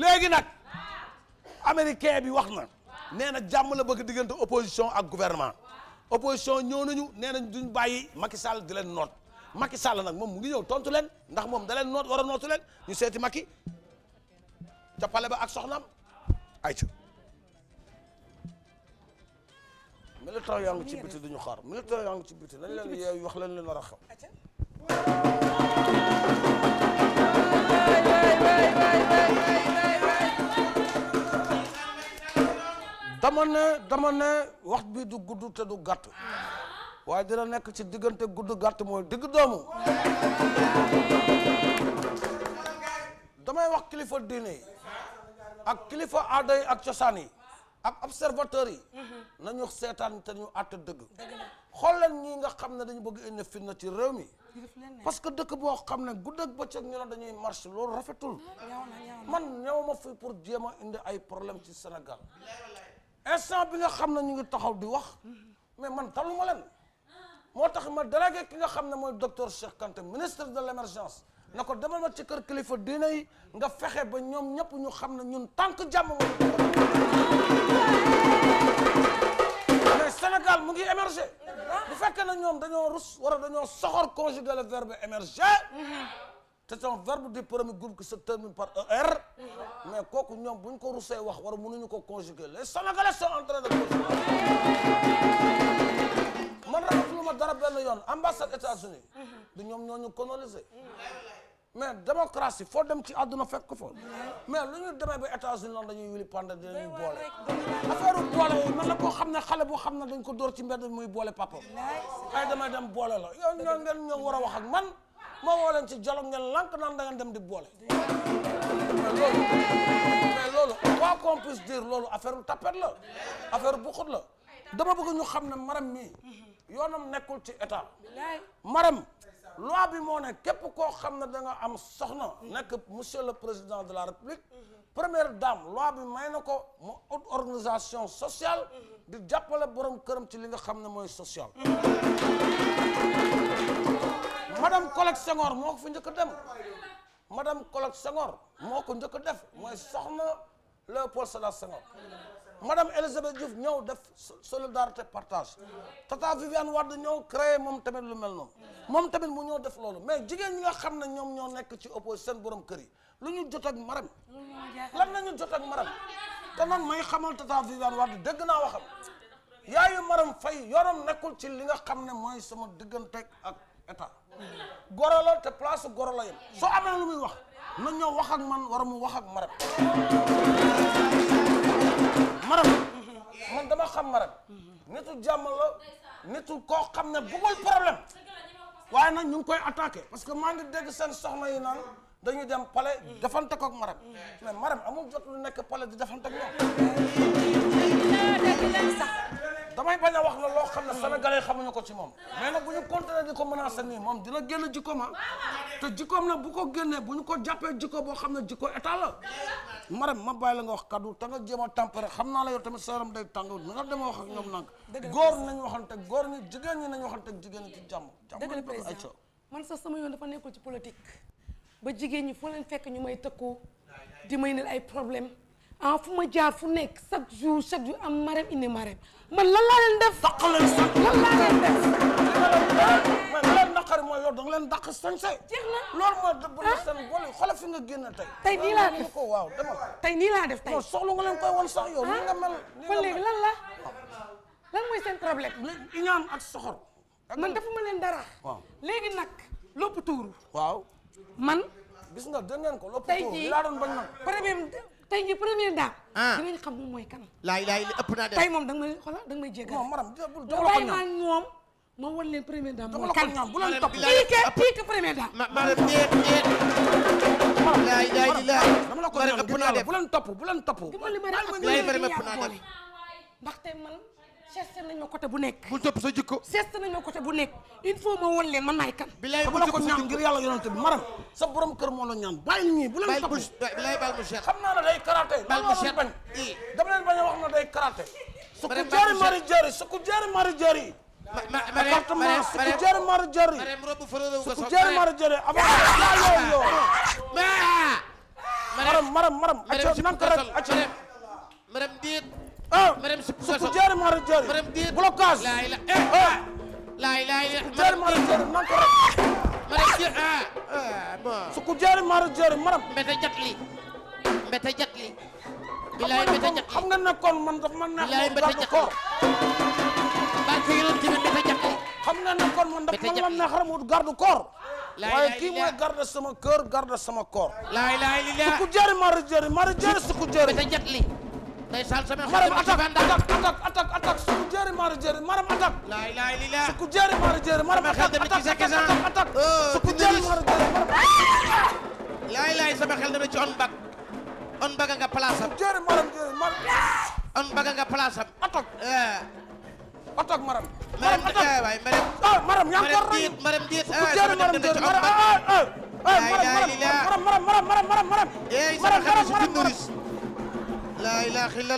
léegi nag américain bi wax na nee na jàmm la bëgg diggante opposition ak gouvernement opposition ñëw nañu nee nañ duñ bàyyi Macky Sall di leen noot Macky Sall nag moom mu ngi ñëw tontu leen ndax moom da leen noot war a nootu leen ñu seeti Macky ca pale ba ak soxnaam ayca militant yaa ngi ci biti duñu xaar militant yaa ngi ci biti nañ leen yeew wax leen leen war a xew dama ne dama ne wax bi du gudd te du gàtt waaye dina nekk ci diggante gudd gàtt mooy digg doomu damay wax kilifa diine yi ak kilifa aada yi ak cosaan yi ak observateur yi nañu seetaan te ñu àtt dëgg xool leen ñi nga xam ne dañu bëgg indi fitna ci réew mi parce que dëkk boo xam ne gudd ak bëccëg ñu ne dañuy marché loolu rafetul man ñëw ma fi pour jéem a indi ay problème ci senegal instant bi nga xam ne ñu ngi taxaw di wax mais man taluma leen moo tax ma délégué ki nga xam ne mooy docteur Cheikh Kanté ministre de l' émergence na ko demal ma ci kër kilifa diine yi nga fexe ba ñoom ñëpp ñu xam ne ñun tànk jàmm moom mais Sénégal mu ngi émergé bu fekkee ne ñoom dañoo rus wala dañoo soxor conjuguer le verbe émerger te son verbe du premier groupe qui se termine par ER. mais kooku ñoom bu ñu ko rusee wax wala mënuñu ko conjuguer les Sénégalais sont en train de conjuguer. man rafetlu ma yoon ambassade États-Unis du ñoom ñoo ñu colonisé. mais démocratie foo dem ci àdduna fekk ko fa mais lu ñu demee ba États-Unis lan dañuy wili pande dinañuy boole affaire boole yi man la koo xam ne xale boo xam na dañ ko dóor ci mbedd muy boole papa ay damay dem boole la yow ñoo ngeen ñoo war a wax ak man ma woo ci jolof ngeen lank naan da ngeen dem di boole. loolu mais loolu quoi qu'on loolu affaire tapet la affaire bu xut la dama bëgg ñu xam ne maram mii yoonam nekkul ci état maram loi bi moo ne képp koo xam ne da nga am soxna nekk monsieur le président de la république première dame loi bi may ko mu ut organisation sociale di jàppale borom këram ci li nga xam ne mooy social madame Colette Senghor moo ko fi njëkk a dem madame Colette Senghor moo ko njëkk a def mooy soxna Léopold Sédar Senghor madame Elisabeth Diouf ñëw def solidarité partage tata Viviane Wade ñëw créé moom tamit lu mel noonu moom tamit mu ñëw def loolu mais jigéen ñi nga xam ne ñoom ñoo nekk ci opposition seen borom kër yi lu ñu jot ak maram lan la ñu jot ak maram te nan may xamal tata Viviane Wade dégg naa waxam yaayu maram fay yorom nekkul ci li nga xam ne mooy sama diggante ak état goro la te place su goro la yem soo amee lu muy wax na ñëw wax ak man war mu wax ak marab marab man dama xam marab nitu jàmm la nitu koo xam ne bëggul problème waaye nag ñu ngi koy attaqué parce que maa ngi dégg seen soxna yi naan dañu dem pale defante ko ak marab mais marab amul jot lu nekk pale di defante ak ñoom damay bañ a wax na loo xam ne sénégalais xamuñu ko ci moom mais nag bu ñu continuer di ko menacer nii moom dina génn jikkoom ah te jikkoom nag ko génnee bu ñu ko jàppee jikko boo xam ne jikko état la maram ma bàyyi la nga wax kaddu te nga jéem a xam naa la yow tamit sa yaram day tàng na nga dema wax ak ñoom nag góor nañ waxante góor ñi jigéen ñi nañ waxante jigéen ñi ci jàmm jàmm président sama yoon dafa nekkul ci politique ba jigéen ñi foo leen fekk ñu may tëkku di may nel ay problème ah fu ma jaar fu nekk chaque jour chaque jour am marem indi marem man lan laa def. dàq leen sañ. lan laa leen def. man lan naqari mooy yor da nga sañ say. jeex na loolu mooy dëbb na ah. seen boole xoolal fi nga génn tey. tey nii laa def ko waaw dama. def tey. non soxla nga leen koy won sax yow. ni nga ah. mel ni nga la lan mooy seen problème. li ñaan ak soxor. man dafa ma leen dara. waaw léegi nag lopp tuuru. waaw man. gis nga dégg ngeen ko lopp tuuru. tey jii première dame. ah dinañ xam moom mooy kan. laay laay li ëpp naa def tey moom da nga may xoolal da nga may jéggal. non maram ah, dama la ko ñaan moom. ma wan leen première dame mooy kan bu leen topp kii ke kii ke première dame. ma ma leen ñeent ñeent. laay laay li laay. dama la ko ñaan bu leen topp bu leen topp. li ma leen ëpp naa def ndaxte man. seet nañ ma côté bu nekk. bul topp sa jikko. seet nañ ma côté bu nekk il faut ma woon leen man maay kan. bilaay bu la ko ñaan ngir yàlla yonante bi maram sa borom kër moo la ñaan bàyyi ñii bu leen topp. bilaay bal bu seet xam naa ne day karaté. bal bu seet bañ dama leen bañ a wax na day karaté. su ku jaari mari jaari su ku jaari mari jaari. ma ma ma ne appartement su ku jaari mari jaari. su ku jaari mari jaari avant yow. maram maram maram. maram si ko maram maram déet. madame Sow Sow jaari moo war a jaari. madame Dieng blocage. laay la ah. laay laay jaari moo war a jaari nan ko rek. madame Dieng ah. ah bon. su ku jaari moo war a jaari madame. mbete jat li mbete jat li. bilaay mbete jat li xam nga ne kon man dafa man neex. bilaay mbete jat li barke yonent bi mbete jat li. xam nga ne kon man dafa man neex rek mu garde corps. waaye kii mooy garde sama cœur garde sama corps. laay laay li la su ku jaari moo war a jaari moo war a jaari su ku jaari. mbete jat li. ndeysaan sama xarit bi ci Vanda maram attaque attaque attaque attaque su ku jéeri maara jéeri maram attaque. laay laay lii la su ku jéeri maara jéeri maram attaque attaque attaque su ku jéeri maara jéeri maram attaque. laay laay sama xel dama ci on bag on bag nga place am. su ku jéeri maram jéeri maram. on bag nga place am. attaque eh. attaque maram. maram attaque eh, waay maram. ah maram yaa ngi ko rëy maram diit maram diit. su ku eh, jéeri maram jéeri maram ah ah. laay laay lii la maram maram maram maram maram maram. maram maram maram maram. laa ilaaha illa